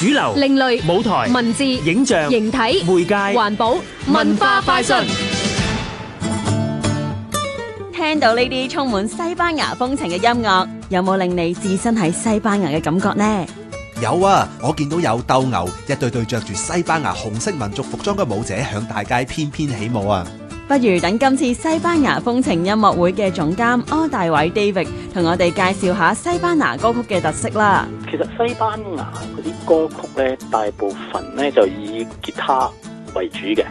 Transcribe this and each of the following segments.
主流、另類舞台、文字、影像、形體、媒介、環保、文化快訊。聽到呢啲充滿西班牙風情嘅音樂，有冇令你置身喺西班牙嘅感覺呢？有啊，我見到有鬥牛，一對對著住西班牙紅色民族服裝嘅舞者，向大街翩翩起舞啊！不如等今次西班牙風情音樂會嘅總監柯大偉 David 同我哋介紹下西班牙歌曲嘅特色啦。其實西班牙嗰啲歌曲咧，大部分咧，就以吉他為主嘅。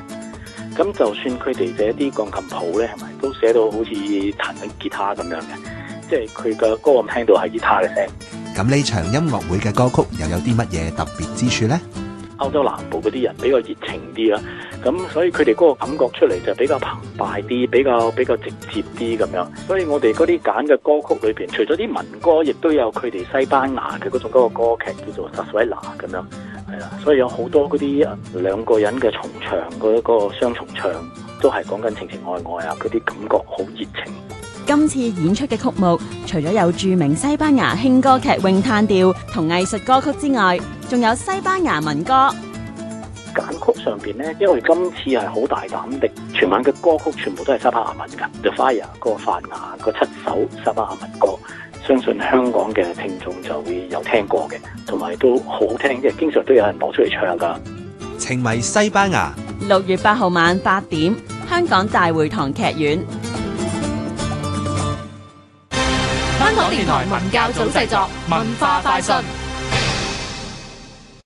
咁就算佢哋一啲鋼琴譜咧，係咪都寫到好似彈緊吉他咁樣嘅，即係佢嘅歌我聽到係吉他嘅聲。咁呢場音樂會嘅歌曲又有啲乜嘢特別之處咧？歐洲南部嗰啲人比較熱情啲啦。咁所以佢哋嗰個感覺出嚟就比較澎湃啲，比較比較直接啲咁樣。所以我哋嗰啲揀嘅歌曲裏邊，除咗啲民歌，亦都有佢哋西班牙嘅嗰種嗰個歌劇叫做 zarzuela 咁樣，係啦。所以有好多嗰啲兩個人嘅重唱，嗰、嗰個雙重唱，都係講緊情情愛愛啊！嗰啲感覺好熱情。今次演出嘅曲目，除咗有著名西班牙輕歌劇詠嘆調同藝術歌曲之外，仲有西班牙民歌。揀曲上面呢，因為今次係好大膽的，全晚嘅歌曲全部都係西班牙文噶。The Fire 個泛亞、嗰七首西班牙文歌，相信香港嘅聽眾就會有聽過嘅，同埋都好聽，即係經常都有人攞出嚟唱噶。情迷西班牙，六月八號晚八點，香港大會堂劇院。香港電台文教組製作，文化快訊。